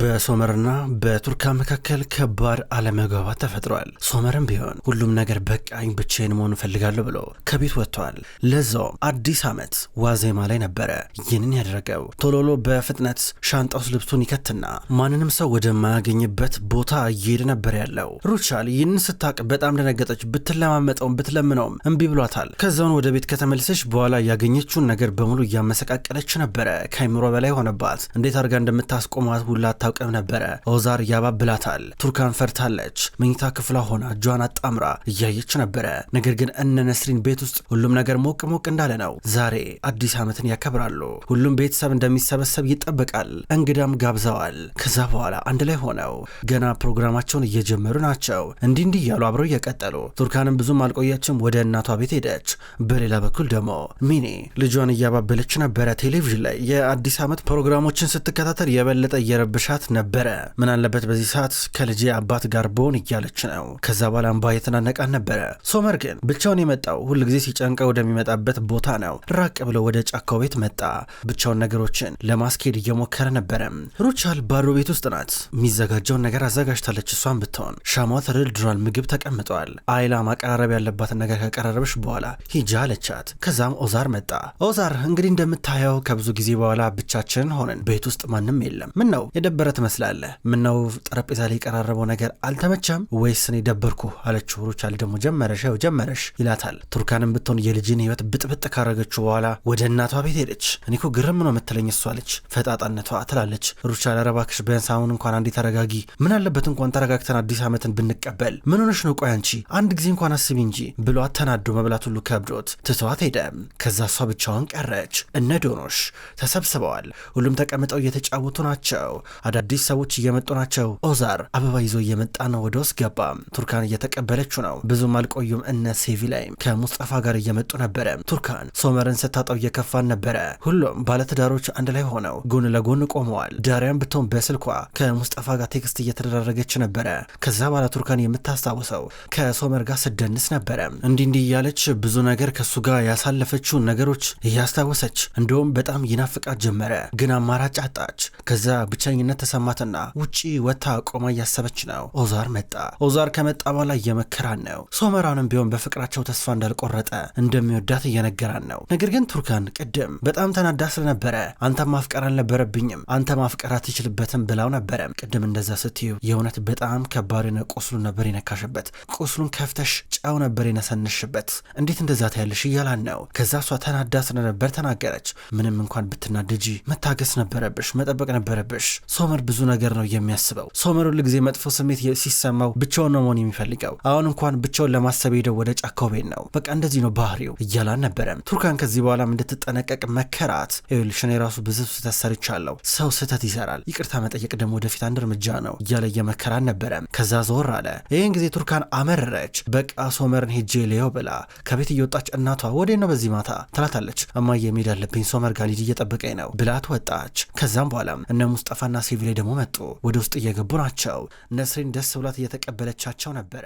በሶመርና በቱርካ መካከል ከባድ አለመግባባት ተፈጥሯል። ሶመርም ቢሆን ሁሉም ነገር በቃኝ ብቻዬን መሆን እፈልጋለሁ ብሎ ከቤት ወጥቷል። ለዛውም አዲስ ዓመት ዋዜማ ላይ ነበረ ይህንን ያደረገው። ቶሎሎ በፍጥነት ሻንጣ ውስጥ ልብሱን ይከትና ማንንም ሰው ወደማያገኝበት ቦታ እየሄደ ነበር ያለው። ሩቻል ይህንን ስታቅ በጣም ደነገጠች። ብትለማመጠውም ብትለምነውም እምቢ ብሏታል። ከዛውን ወደ ቤት ከተመልሰች በኋላ ያገኘችውን ነገር በሙሉ እያመሰቃቀለች ነበረ። ከአይምሮ በላይ ሆነባት። እንዴት አድርጋ እንደምታስቆማት ሁላ አታውቅም ነበረ። ኦዛር ያባብላታል። ቱርካን ፈርታለች። መኝታ ክፍሏ ሆና እጇን አጣምራ እያየች ነበረ። ነገር ግን እነ ነስሪን ቤት ውስጥ ሁሉም ነገር ሞቅ ሞቅ እንዳለ ነው። ዛሬ አዲስ ዓመትን ያከብራሉ። ሁሉም ቤተሰብ እንደሚሰበሰብ ይጠበቃል። እንግዳም ጋብዘዋል። ከዛ በኋላ አንድ ላይ ሆነው ገና ፕሮግራማቸውን እየጀመሩ ናቸው። እንዲህ እንዲህ እያሉ አብረው እየቀጠሉ ቱርካንም ብዙም አልቆያችም ወደ እናቷ ቤት ሄደች። በሌላ በኩል ደግሞ ሚኒ ልጇን እያባበለች ነበረ። ቴሌቪዥን ላይ የአዲስ ዓመት ፕሮግራሞችን ስትከታተል የበለጠ እየረብሻል እያለቻት ነበረ። ምን አለበት በዚህ ሰዓት ከልጄ አባት ጋር ብሆን እያለች ነው። ከዛ በኋላ እንባ የተናነቃት ነበረ። ሶመር ግን ብቻውን የመጣው ሁልጊዜ ሲጨንቀ ወደሚመጣበት ቦታ ነው። ራቅ ብሎ ወደ ጫካው ቤት መጣ። ብቻውን ነገሮችን ለማስኬድ እየሞከረ ነበረ። ሩቻል ባዶ ቤት ውስጥ ናት። የሚዘጋጀውን ነገር አዘጋጅታለች። እሷን ብትሆን ሻማ ተደርድሯል፣ ምግብ ተቀምጧል። አይላ ማቀራረብ ያለባትን ነገር ከቀራረበች በኋላ ሂጂ አለቻት። ከዛም ኦዛር መጣ። ኦዛር እንግዲህ እንደምታየው ከብዙ ጊዜ በኋላ ብቻችን ሆነን ቤት ውስጥ ማንም የለም። ምን ነው የደበረ ትመስላለህ። ምነው ጠረጴዛ ላይ የቀራረበው ነገር አልተመቻም ወይስ እኔ ደበርኩ አለችው። ሩቻል ደግሞ ጀመረሽ ው ጀመረሽ ይላታል። ቱርካንም ብትሆን የልጅን ህይወት ብጥብጥ ካረገችው በኋላ ወደ እናቷ ቤት ሄደች። እኔ እኮ ግርም ነው የምትለኝ እሷ አለች። ፈጣጣነቷ ትላለች ሩቻል። ኧረ እባክሽ ቢያንስ አሁን እንኳን አንዴ ተረጋጊ። ምን አለበት እንኳን ተረጋግተን አዲስ ዓመትን ብንቀበል። ምን ሆነሽ ነው? ቆይ አንቺ አንድ ጊዜ እንኳን አስቢ እንጂ ብሎ ተናዶ መብላት ሁሉ ከብዶት ትተዋት ሄደ። ከዛ እሷ ብቻዋን ቀረች። እነ ዶኖሽ ተሰብስበዋል። ሁሉም ተቀምጠው እየተጫወቱ ናቸው። አዳዲስ ሰዎች እየመጡ ናቸው። ኦዛር አበባ ይዞ እየመጣ ነው። ወደ ውስጥ ገባ። ቱርካን እየተቀበለችው ነው። ብዙም አልቆዩም። እነ ሴቪ ላይ ከሙስጠፋ ጋር እየመጡ ነበረ። ቱርካን ሶመርን ስታጣው እየከፋን ነበረ። ሁሉም ባለትዳሮች አንድ ላይ ሆነው ጎን ለጎን ቆመዋል። ዳሪያን ብትሆን በስልኳ ከሙስጠፋ ጋር ቴክስት እየተደራረገች ነበረ። ከዛ በኋላ ቱርካን የምታስታውሰው ከሶመር ጋር ስደንስ ነበረ። እንዲህ እንዲህ እያለች ብዙ ነገር ከሱ ጋር ያሳለፈችውን ነገሮች እያስታወሰች እንደውም በጣም ይናፍቃት ጀመረ። ግን አማራጭ አጣች። ከዛ ብቸኝነት ብቸኝነት ተሰማትና ውጪ ወታ ቆማ እያሰበች ነው። ኦዛር መጣ። ኦዛር ከመጣ በኋላ እየመከራን ነው። ሶመራንም ቢሆን በፍቅራቸው ተስፋ እንዳልቆረጠ እንደሚወዳት እየነገራን ነው። ነገር ግን ቱርካን ቅድም በጣም ተናዳ ስለነበረ አንተ ማፍቀር አልነበረብኝም፣ አንተ ማፍቀር አትችልበትም ብላው ነበረ። ቅድም እንደዛ ስትዩ የእውነት በጣም ከባድ ነው። ቁስሉን ነበር የነካሽበት፣ ቁስሉን ከፍተሽ ጨው ነበር የነሰንሽበት። እንዴት እንደዛ ታያለሽ እያላን ነው። ከዛ እሷ ተናዳ ስለነበር ተናገረች። ምንም እንኳን ብትናደጂ መታገስ ነበረብሽ፣ መጠበቅ ነበረብሽ ሶመር ብዙ ነገር ነው የሚያስበው። ሶመር ሁል ጊዜ መጥፎ ስሜት ሲሰማው ብቻውን ነው መሆን የሚፈልገው። አሁን እንኳን ብቻውን ለማሰብ ሄደው ወደ ጫካው ቤት ነው። በቃ እንደዚህ ነው ባህሪው እያላን ነበረም። ቱርካን ከዚህ በኋላም እንድትጠነቀቅ መከራት። ይኸውልሽ እኔ ራሱ ብዙ ስህተት ሰርቻለሁ። ሰው ስህተት ይሰራል፣ ይቅርታ መጠየቅ ደግሞ ወደፊት አንድ እርምጃ ነው እያለ እየመከራን ነበረም። ከዛ ዞር አለ። ይህን ጊዜ ቱርካን አመረረች። በቃ ሶመርን ሄጄ ልየው ብላ ከቤት እየወጣች እናቷ ወዴ ነው በዚህ ማታ ትላታለች። እማዬ መሄድ አለብኝ ሶመር ጋር ልጅ እየጠበቀኝ ነው ብላት ወጣች። ከዛም በኋላም እነ ሙስጠፋና ላይ ደግሞ መጡ። ወደ ውስጥ እየገቡ ናቸው። ነስሪን ደስ ብሏት እየተቀበለቻቸው ነበረ።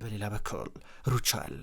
በሌላ በኩል ሩቻል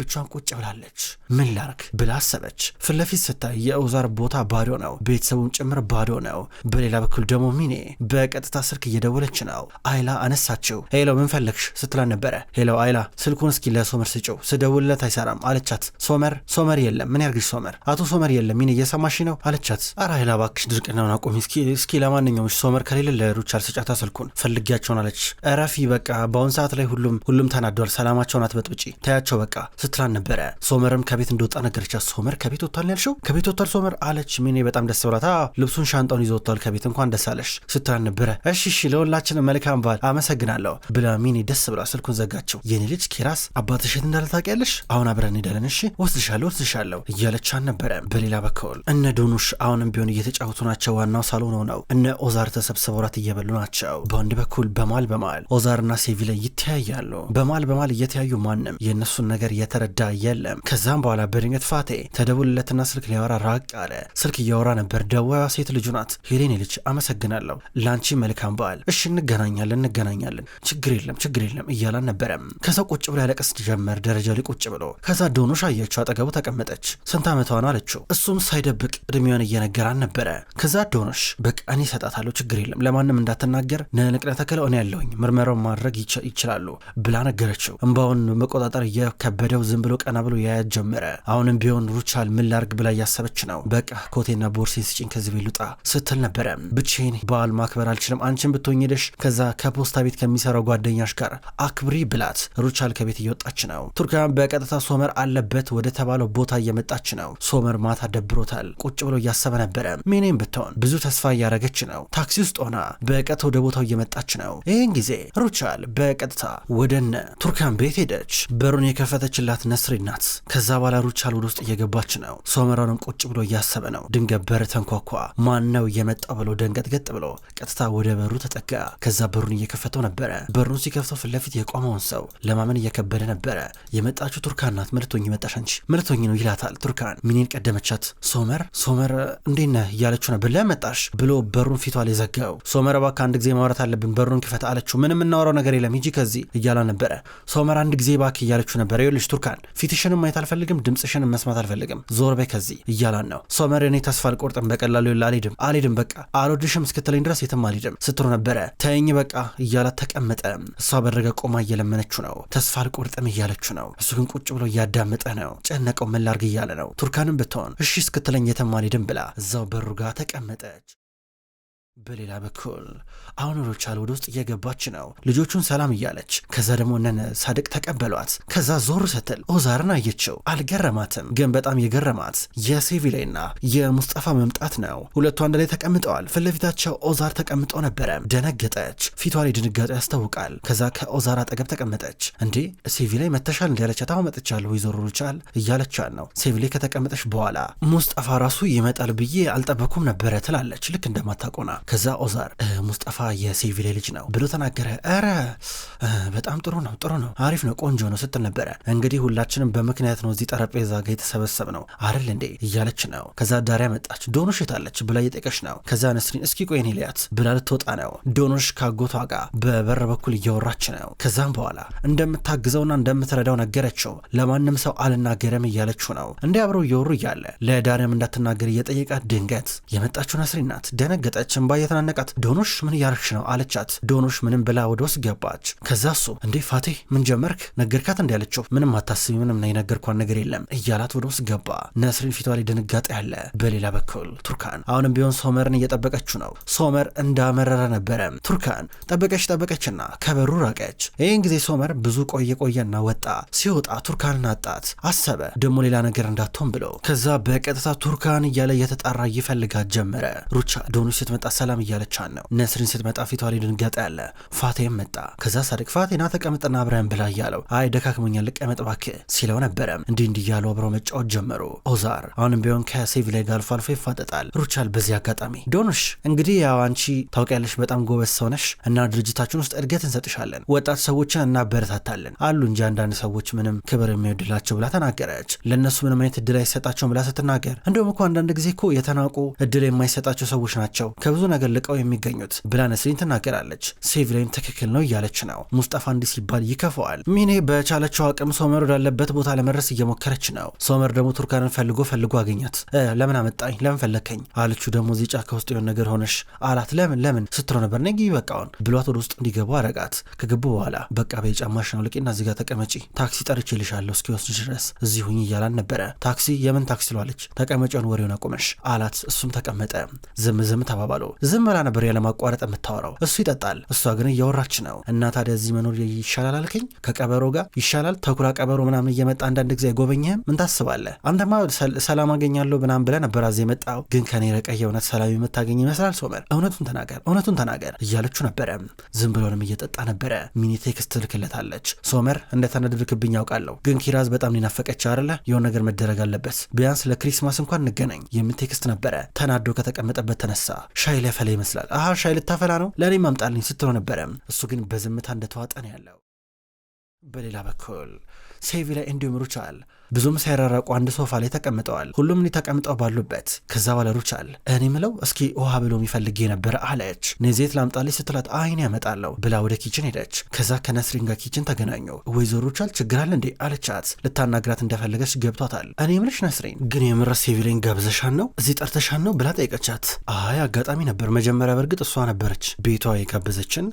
ብቻን ቁጭ ብላለች። ምን ላርክ ብላ አሰበች። ፊት ለፊት ስታይ የኦዛር ቦታ ባዶ ነው፣ ቤተሰቡን ጭምር ባዶ ነው። በሌላ በኩል ደግሞ ሚኔ በቀጥታ ስልክ እየደወለች ነው። አይላ አነሳችው። ሄሎ ምን ፈለግሽ ስትላን ነበረ። ሄሎ አይላ ስልኩን እስኪ ለሶመር ስጭው፣ ስደውልለት አይሰራም አለቻት። ሶመር ሶመር የለም ምን ያርግሽ ሶመር፣ አቶ ሶመር የለም ሚኔ እየሰማሽ ነው አለቻት። አረ አይላ ባክሽ ድርቅናውን አቁሚ እስኪ። እስኪ ለማንኛውም ሶመር ከሌለ ለሩቻል ስጫታ ስልኩን ፈልጊያቸውን አለች። እረፊ በቃ በአሁን ሰዓት ላይ ሁሉም ሁሉም ተናደዋል። ሰላማቸውን አትበጥብጪ፣ ታያቸው በቃ ስትላን ነበረ። ሶመርም ከቤት እንደወጣ ነገረቻት። ሶመር ከቤት ወጥቷል ያልሽው ከቤት ወጥቷል ሶመር አለች። ሚኔ በጣም ደስ ብላታ ልብሱን ሻንጣውን ይዞ ወጥቷል ከቤት እንኳን ደስ አለሽ ስትላን ነበረ። እሺ እሺ ለሁላችንም መልካም በዓል አመሰግናለሁ ብላ ሚኔ ደስ ብላ ስልኩን ዘጋቸው። የኔ ልጅ ኬራስ አባትሽ የት እንዳለ ታውቂያለሽ? አሁን አብረን እንሄዳለን። እሺ ወስድሻለሁ ወስድሻለሁ እያለቻን ነበረ። በሌላ በኩል እነ ዶኑሽ አሁንም ቢሆን እየተጫወቱ ናቸው። ዋናው ሳሎን ነው። እነ ኦዛር ተሰብስበው እየበሉ ናቸው። በአንድ በኩል በማል በማል ኦዛርና ሴቪ ላይ ይተያያሉ። በማል በማል እየተያዩ ማንም የእነሱን ነገር የተረዳ የለም። ከዛም በኋላ በድንገት ፋቴ ተደውልለትና ስልክ ሊያወራ ራቅ አለ። ስልክ እያወራ ነበር። ደዋ ሴት ልጁ ናት። ሄሌኔ ልጅ አመሰግናለሁ፣ ለአንቺ መልካም በዓል። እሺ እንገናኛለን እንገናኛለን፣ ችግር የለም ችግር የለም እያላን ነበረም። ከዛ ቁጭ ብሎ ያለቀስ ጀመር፣ ደረጃ ላይ ቁጭ ብሎ። ከዛ ዶኖሽ አየችው፣ አጠገቡ ተቀመጠች። ስንት ዓመቷ ነው አለችው። እሱም ሳይደብቅ እድሜዋን እየነገራን ነበረ። ከዛ ዶኖሽ በቃ እኔ እሰጣታለሁ፣ ችግር የለም ለማንም እንዳትናገር፣ ንቅለ ተከለው እኔ ያለውኝ ምርመራውን ማድረግ ይችላሉ ብላ ነገረችው። እምባውን መቆጣጠር እየከበደው ብለው ዝም ብሎ ቀና ብሎ ያያት ጀመረ። አሁንም ቢሆን ሩቻል ምን ላርግ ብላ እያሰበች ነው። በቃ ኮቴና ቦርሴን ስጭኝ ከዚህ ቤት ልውጣ ስትል ነበረ። ብቼን በዓል ማክበር አልችልም፣ አንቺን ብትሆኝ ሄደሽ ከዛ ከፖስታ ቤት ከሚሰራው ጓደኛሽ ጋር አክብሪ ብላት። ሩቻል ከቤት እየወጣች ነው። ቱርካን በቀጥታ ሶመር አለበት ወደ ተባለው ቦታ እየመጣች ነው። ሶመር ማታ ደብሮታል። ቁጭ ብሎ እያሰበ ነበረ። ሚኔም ብትሆን ብዙ ተስፋ እያደረገች ነው። ታክሲ ውስጥ ሆና በቀጥታ ወደ ቦታው እየመጣች ነው። ይህን ጊዜ ሩቻል በቀጥታ ወደነ ቱርካን ቤት ሄደች። በሩን የከፈተችል ያላት ነስሪን ናት። ከዛ በኋላ ሩቻል ወደ ውስጥ እየገባች ነው። ሶመራንም ቁጭ ብሎ እያሰበ ነው። ድንገት በር ተንኳኳ። ነው እየመጣው ብሎ ደንገጥገጥ ብሎ ቀጥታ ወደ በሩ ተጠጋ። ከዛ በሩን እየከፈተው ነበረ። በሩን ሲከፍተው ፊት ለፊት የቆመውን ሰው ለማመን እየከበደ ነበረ። የመጣችው ቱርካን ናት። መልቶኝ መጣሽ አንቺ መልቶኝ ነው ይላታል። ቱርካን ሚኒን ቀደመቻት። ሶመር ሶመር እንዴት ነህ እያለችው ነበር። መጣሽ ብሎ በሩን ፊቷ ላይ ዘጋው። ሶመር እባክህ አንድ ጊዜ ማውራት አለብን በሩን ክፈት አለችው። ምንም የምናወራው ነገር የለም ሂጂ ከዚህ እያላ ነበረ። ሶመር አንድ ጊዜ እባክህ እያለችው ነበረ። ይኸውልሽ ቱርካን ፊትሽንም ማየት አልፈልግም፣ ድምፅሽንም መስማት አልፈልግም፣ ዞር በይ ከዚህ እያላን ነው። ሶመር እኔ ተስፋ አልቆርጥም፣ በቀላሉ ላ አልሄድም፣ አልሄድም፣ በቃ አልወድሽም እስክትለኝ ድረስ የትም አልሄድም ስትሮ ነበረ። ተይኝ በቃ እያላት ተቀመጠ። እሷ በረገ ቆማ እየለመነችው ነው። ተስፋ አልቆርጥም እያለችው ነው። እሱ ግን ቁጭ ብሎ እያዳመጠ ነው። ጨነቀው ምን ላርግ እያለ ነው። ቱርካንም ብትሆን እሺ እስክትለኝ የተማሊድም ብላ እዛው በሩ ጋር ተቀመጠች። በሌላ በኩል አሁን ሩቻል ወደ ውስጥ እየገባች ነው፣ ልጆቹን ሰላም እያለች። ከዛ ደግሞ እነ ሳድቅ ተቀበሏት። ከዛ ዞር ስትል ኦዛርን አየችው። አልገረማትም፣ ግን በጣም የገረማት የሴቪሌና የሙስጠፋ መምጣት ነው። ሁለቱ አንድ ላይ ተቀምጠዋል። ፊት ለፊታቸው ኦዛር ተቀምጦ ነበረ። ደነገጠች። ፊቷ ላይ ድንጋጤ ያስታውቃል። ከዛ ከኦዛር አጠገብ ተቀመጠች። እንዴ ሴቪሌ መተሻል እንዲያለች ታው መጥቻለሁ፣ ወይዘሮ ሩቻል እያለቻት ነው። ሴቪሌ ከተቀመጠች በኋላ ሙስጠፋ ራሱ ይመጣል ብዬ አልጠበኩም ነበረ ትላለች፣ ልክ እንደማታቆና ከዛ ኦዛር ሙስጠፋ የሴቪሌ ልጅ ነው ብሎ ተናገረ። ኧረ በጣም ጥሩ ነው፣ ጥሩ ነው፣ አሪፍ ነው፣ ቆንጆ ነው ስትል ነበረ። እንግዲህ ሁላችንም በምክንያት ነው እዚህ ጠረጴዛ ጋር የተሰበሰብ ነው አይደል እንዴ እያለች ነው። ከዛ ዳሪያ መጣች። ዶኖሽ የታለች ብላ እየጠቀች ነው። ከዛ ነስሪን እስኪ ቆይን እኔ ብላ ልትወጣ ነው። ዶኖሽ ካጎቷ ጋር በበር በኩል እያወራች ነው። ከዛም በኋላ እንደምታግዘውና እንደምትረዳው ነገረችው። ለማንም ሰው አልናገረም እያለችው ነው። እንዲ አብረው እየወሩ እያለ ለዳሪያም እንዳትናገር እየጠየቃት ድንገት የመጣችው ነስሪን ናት። ደነገጠች። እየተናነቃት ዶኖሽ ምን እያረግሽ ነው አለቻት። ዶኖሽ ምንም ብላ ወደ ውስጥ ገባች። ከዛ እሱ እንዴ ፋቴ ምን ጀመርክ ነገርካት እንዲ ያለችው ምንም አታስቢ ምንም የነገርኳን ነገር የለም እያላት ወደ ውስጥ ገባ። ነስሪን ፊቷ ላይ ድንጋጤ ያለ። በሌላ በኩል ቱርካን አሁንም ቢሆን ሶመርን እየጠበቀችው ነው። ሶመር እንዳመረረ ነበረ። ቱርካን ጠበቀች ጠበቀችና ከበሩ ራቀች። ይህን ጊዜ ሶመር ብዙ ቆየ ቆየና ወጣ። ሲወጣ ቱርካንን አጣት። አሰበ ደግሞ ሌላ ነገር እንዳትሆን ብሎ ከዛ በቀጥታ ቱርካን እያለ እየተጣራ ይፈልጋት ጀመረ። ሩቻ ዶኖች ስትመጣ ሰላም እያለቻን ነው። ነስሪን ስትመጣ ፊቷ ላይ ድንጋጤ ያለ ፋቴም መጣ። ከዛ ሳድቅ ፋቴና ተቀምጠና አብረን ብላ እያለው አይ ደካክሞኛል ልቀመጥ እባክህ ሲለው ነበረም። እንዲህ እንዲህ እያሉ አብረው መጫወት ጀመሩ። ኦዛር አሁንም ቢሆን ከሴቪ ላይ ጋር አልፎ አልፎ ይፋጠጣል። ሩቻል በዚህ አጋጣሚ ዶኖሽ እንግዲህ ያው አንቺ ታውቂያለሽ በጣም ጎበዝ ሰውነሽ እና ድርጅታችን ውስጥ እድገት እንሰጥሻለን፣ ወጣት ሰዎችን እናበረታታለን አሉ እንጂ አንዳንድ ሰዎች ምንም ክብር የሚወድላቸው ብላ ተናገረች። ለእነሱ ምንም አይነት እድል አይሰጣቸውም ብላ ስትናገር እንዲሁም እኮ አንዳንድ ጊዜ እኮ የተናቁ እድል የማይሰጣቸው ሰዎች ናቸው ከብዙ ነገር ልቀው የሚገኙት ብላ ነስሪን ትናገራለች። ሴቪ ላይም ትክክል ነው እያለች ነው። ሙስጠፋ እንዲህ ሲባል ይከፋዋል። ሚኔ በቻለችው አቅም ሶመር ወዳለበት ቦታ ለመድረስ እየሞከረች ነው። ሶመር ደግሞ ቱርካንን ፈልጎ ፈልጎ አገኛት። ለምን አመጣኝ? ለምን ፈለከኝ? አለችው። ደግሞ እዚህ ጫካ ውስጥ የሆነ ነገር ሆነሽ አላት። ለምን ለምን ስትሮ ነበር ነጊ በቃውን ብሏት ወደ ውስጥ እንዲገቡ አረጋት። ከገቡ በኋላ በቃ በየጫማሽ ነው ልቂና እዚጋ ተቀመጪ፣ ታክሲ ጠርቼልሻለሁ እስኪወስድሽ ድረስ እዚህ ሁኝ እያላን ነበረ። ታክሲ የምን ታክሲ ለዋለች። ተቀመጪውን ወሬውን አቁመሽ አላት። እሱም ተቀመጠ። ዝም ዝም ተባባሉ። ዝም ብላ ነበር ያለማቋረጥ የምታወራው። እሱ ይጠጣል፣ እሷ ግን እያወራች ነው። እና ታዲያ እዚህ መኖር ይሻላል አልከኝ? ከቀበሮ ጋር ይሻላል? ተኩላ ቀበሮ ምናምን እየመጣ አንዳንድ ጊዜ አይጎበኝህም? ምን ታስባለህ? አንተማ ሰላም አገኛለሁ ምናምን ብለህ ነበር አዜ የመጣው። ግን ከኔ ረቀህ የእውነት ሰላም የምታገኝ ይመስላል? ሶመር እውነቱን ተናገር፣ እውነቱን ተናገር እያለችው ነበረ። ዝም ብሎንም እየጠጣ ነበረ። ሚኒ ቴክስት ትልክለታለች። ሶመር እንደተናደድክብኝ ያውቃለሁ፣ ግን ኪራዝ በጣም ሊናፈቀች አለ። የሆነ ነገር መደረግ አለበት። ቢያንስ ለክሪስማስ እንኳን እንገናኝ የሚል ቴክስት ነበረ። ተናዶ ከተቀመጠበት ተነሳ። ሻይ ሊያፈላ ይመስላል። አሃ ሻይ ልታፈላ ነው ለእኔም አምጣልኝ ስትለው ነበረ። እሱ ግን በዝምታ እንደተዋጠ ነው ያለው። በሌላ በኩል ላይ እንዲሁም ሩቻል ብዙም ሳይራራቁ አንድ ሶፋ ላይ ተቀምጠዋል። ሁሉም እኔ ተቀምጠው ባሉበት ከዛ ባለ ሩቻል እኔ ምለው እስኪ ውሃ ብሎ የሚፈልግ የነበረ አለች። ኔዜት ላምጣልሽ ስትላት አይን ያመጣለሁ ብላ ወደ ኪችን ሄደች። ከዛ ከነስሪን ጋር ኪችን ተገናኙ። ወይዘሮ ሩቻል ችግር አለ እንዴ አለቻት። ልታናግራት እንደፈለገች ገብቷታል። እኔ ምልሽ ነስሪን ግን የምር ሲቪሌን ጋብዘሻን ነው እዚህ ጠርተሻን ነው ብላ ጠይቀቻት። አይ አጋጣሚ ነበር መጀመሪያ በእርግጥ እሷ ነበረች ቤቷ የጋበዘችን።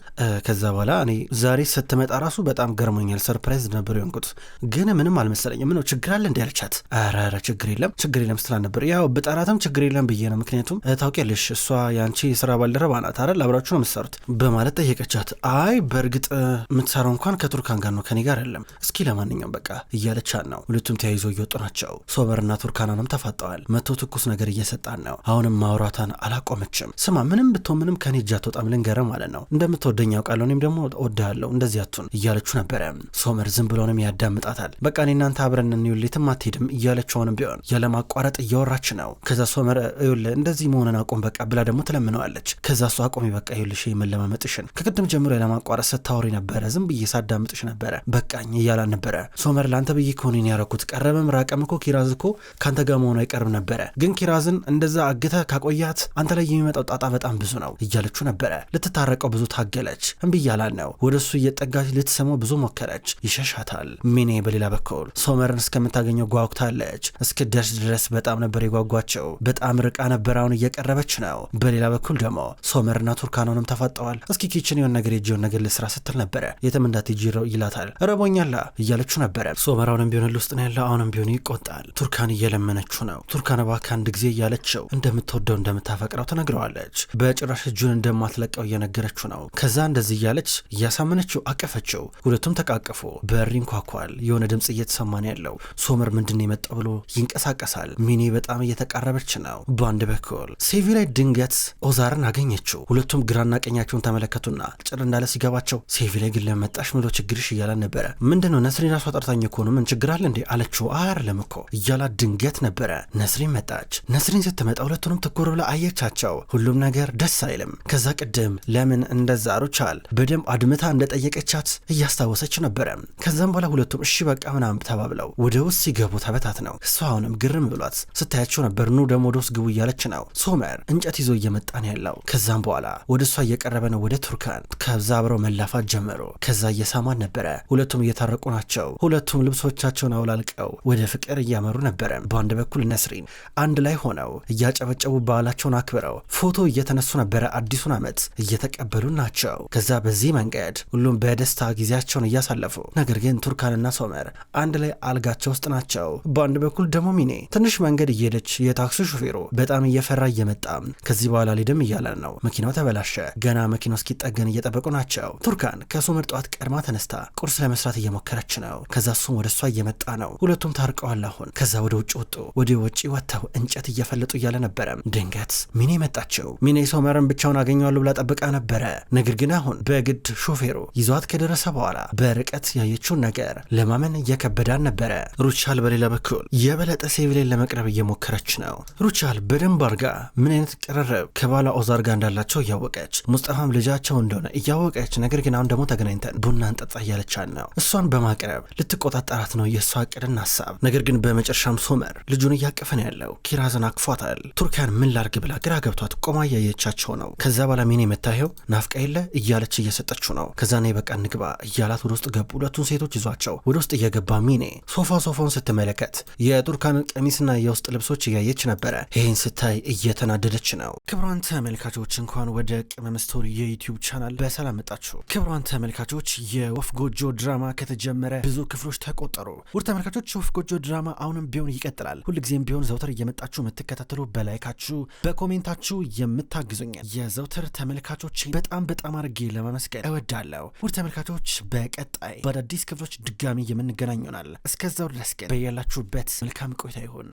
ከዛ በኋላ እኔ ዛሬ ስትመጣ ራሱ በጣም ገርሞኛል። ሰርፕራይዝ ነበር የሆንኩት ግን ምንም አልመሰለኝም። ምነው ችግር አለ እንዲ ያለቻት። ረረ ችግር የለም ችግር የለም ስትላ ነበር። ያው ብጠራትም ችግር የለም ብዬ ነው ምክንያቱም ታውቂያለሽ እሷ የአንቺ የስራ ባልደረባ ናት አይደል አብራችሁ ነው የምትሰሩት በማለት ጠየቀቻት። አይ በእርግጥ የምትሰራው እንኳን ከቱርካን ጋር ነው ከኔ ጋር አይደለም። እስኪ ለማንኛውም በቃ እያለቻት ነው። ሁለቱም ተያይዞ እየወጡ ናቸው። ሶበርና ቱርካናንም ተፋጠዋል። መቶ ትኩስ ነገር እየሰጣን ነው። አሁንም ማውራቷን አላቆመችም። ስማ ምንም ብትሆን ምንም ከኔ እጅ አትወጣም ልንገረ ማለት ነው እንደምትወደኝ ያውቃለሁ እኔም ደግሞ እወድሃለሁ እንደዚህ አቱን እያለችሁ ነበረ። ሶመር ዝም ብሎንም ያዳምጣታል። በቃ እኔ እናንተ አብረን የትም አትሄድም እያለችውንም ቢሆን ያለማቋረጥ እያወራች ነው። ከዛ ሶመር እዩል እንደዚህ መሆንን አቁም በቃ ብላ ደግሞ ትለምነዋለች። ከዛ እሱ አቁሚ በቃ ይኸውልሽ መለማመጥሽን ከቅድም ጀምሮ ያለማቋረጥ ስታወሪ ነበረ፣ ዝም ብዬ ሳዳምጥሽ ነበረ በቃኝ እያላ ነበረ። ሶመር ለአንተ ብዬ ከሆንን ያረኩት ቀረበም ራቀም እኮ ኪራዝ እኮ ከአንተ ጋር መሆኑ አይቀርም ነበረ፣ ግን ኪራዝን እንደዛ አግተ ካቆያት አንተ ላይ የሚመጣው ጣጣ በጣም ብዙ ነው እያለችው ነበረ። ልትታረቀው ብዙ ታገለች፣ እምቢ እያላን ነው። ወደ እሱ እየጠጋች ልትሰማው ብዙ ሞከረች፣ ይሸሻታል። ሚኔ በሌላ በኩል ሶመርን እስከ የምታገኘው ጓጉታለች። እስክደርስ ድረስ በጣም ነበር የጓጓቸው። በጣም ርቃ ነበር፣ አሁን እየቀረበች ነው። በሌላ በኩል ደግሞ ሶመርና ቱርካኖንም ተፋጠዋል። እስኪ ኪችን የሆን ነገር የጂውን ነገር ልስራ ስትል ነበረ። የትም እንዳትሄጂ ይላታል። ረቦኛላ እያለችው ነበረ። ሶመር አሁንም ቢሆን ልውስጥ ነው ያለው፣ አሁንም ቢሆን ይቆጣል። ቱርካን እየለመነችው ነው። ቱርካን እባክህ አንድ ጊዜ እያለችው እንደምትወደው እንደምታፈቅረው ትነግረዋለች። በጭራሽ እጁን እንደማትለቀው እየነገረችው ነው። ከዛ እንደዚህ እያለች እያሳመነችው አቀፈችው። ሁለቱም ተቃቀፉ። በር ይንኳኳል። የሆነ ድምፅ እየተሰማ ነው ያለው። ሶመር ምንድን የመጣ ብሎ ይንቀሳቀሳል። ሚኔ በጣም እየተቃረበች ነው። በአንድ በኩል ሴቪ ላይ ድንገት ኦዛርን አገኘችው። ሁለቱም ግራና ቀኛቸውን ተመለከቱና ጭር እንዳለ ሲገባቸው፣ ሴቪ ላይ ግን ለመጣሽ ምሎ ችግርሽ እያላን ነበረ። ምንድን ነው ነስሪ ራሷ ጠርታኝ እኮ ነው ምን ችግር አለ እንዴ አለችው። አይደለም እኮ እያላ ድንገት ነበረ። ነስሪን መጣች። ነስሪን ስትመጣ ሁለቱንም ትኩር ብላ አየቻቸው። ሁሉም ነገር ደስ አይልም። ከዛ ቅድም ለምን እንደዛ ሩቻል በደንብ አድምታ እንደጠየቀቻት እያስታወሰች ነበረ። ከዛም በኋላ ሁለቱም እሺ በቃ ምናምን ተባብለው ወደ ውስጥ ሲገቡ ተበታት ነው። እሷ አሁንም ግርም ብሏት ስታያቸው ነበር። ኑ ደግሞ ወደ ውስጥ ግቡ እያለች ነው። ሶመር እንጨት ይዞ እየመጣ ነው ያለው። ከዛም በኋላ ወደ እሷ እየቀረበ ነው ወደ ቱርካን። ከዛ አብረው መላፋት ጀመሩ። ከዛ እየሳማን ነበረ። ሁለቱም እየታረቁ ናቸው። ሁለቱም ልብሶቻቸውን አውላልቀው ወደ ፍቅር እያመሩ ነበረ። በአንድ በኩል ነስሪን አንድ ላይ ሆነው እያጨበጨቡ በዓላቸውን አክብረው ፎቶ እየተነሱ ነበረ። አዲሱን ዓመት እየተቀበሉ ናቸው። ከዛ በዚህ መንገድ ሁሉም በደስታ ጊዜያቸውን እያሳለፉ ነገር ግን ቱርካንና ሶመር አንድ ላይ አልጋቸው በፍራቻ ውስጥ ናቸው። በአንድ በኩል ደግሞ ሚኔ ትንሽ መንገድ እየሄደች የታክሲ ሹፌሩ በጣም እየፈራ እየመጣ ከዚህ በኋላ ሊድም እያለ ነው። መኪናው ተበላሸ። ገና መኪናው እስኪጠገን እየጠበቁ ናቸው። ቱርካን ከሶመር ጠዋት ቀድማ ተነስታ ቁርስ ለመስራት እየሞከረች ነው። ከዛ እሱም ወደ እሷ እየመጣ ነው። ሁለቱም ታርቀዋል አሁን። ከዛ ወደ ውጭ ወጡ። ወደ ውጭ ወጥተው እንጨት እየፈለጡ እያለ ነበረ። ድንገት ሚኔ መጣቸው። ሚኔ ሶመርን ብቻውን አገኘዋለሁ ብላ ጠብቃ ነበረ። ነገር ግን አሁን በግድ ሾፌሩ ይዟት ከደረሰ በኋላ በርቀት ያየችውን ነገር ለማመን እየከበዳን ነበረ። ሩቻል በሌላ በኩል የበለጠ ሴቪሌን ለመቅረብ እየሞከረች ነው። ሩቻል በደንብ አርጋ ምን አይነት ቅርርብ ከባሏ ኦዛር ጋር እንዳላቸው እያወቀች ሙስጠፋም ልጃቸው እንደሆነ እያወቀች ነገር ግን አሁን ደግሞ ተገናኝተን ቡና እንጠጣ እያለቻት ነው። እሷን በማቅረብ ልትቆጣጠራት ነው የእሷ እቅድና ሀሳብ። ነገር ግን በመጨረሻም ሶመር ልጁን እያቀፈ ነው ያለው። ኪራዝን አቅፏታል። ቱርካን ምን ላርግ ብላ ግራ ገብቷት ቆማ እያየቻቸው ነው። ከዛ በኋላ ሚኔ የምታየው ናፍቃ የለ እያለች እየሰጠችው ነው። ከዛ ና በቃ ንግባ እያላት ወደ ውስጥ ገቡ። ሁለቱን ሴቶች ይዟቸው ወደ ውስጥ እየገባ ሚኔ ሶፋ ሶፎን ስትመለከት የቱርካን ቀሚስና የውስጥ ልብሶች እያየች ነበረ። ይህን ስታይ እየተናደደች ነው። ክብሯን ተመልካቾች እንኳን ወደ ቅመም ስቶሪ የዩቲዩብ ቻናል በሰላም መጣችሁ። ክብሯን ተመልካቾች የወፍ ጎጆ ድራማ ከተጀመረ ብዙ ክፍሎች ተቆጠሩ። ውድ ተመልካቾች የወፍ ጎጆ ድራማ አሁንም ቢሆን ይቀጥላል። ሁልጊዜም ቢሆን ዘውትር እየመጣችሁ የምትከታተሉ በላይካችሁ፣ በኮሜንታችሁ የምታግዙኛል የዘውትር ተመልካቾች በጣም በጣም አድርጌ ለማመስገን እወዳለሁ። ውድ ተመልካቾች በቀጣይ በአዳዲስ ክፍሎች ድጋሚ የምንገናኝ ይሆናል። እስከዛው ለስቀን በያላችሁበት መልካም ቆይታ ይሆን።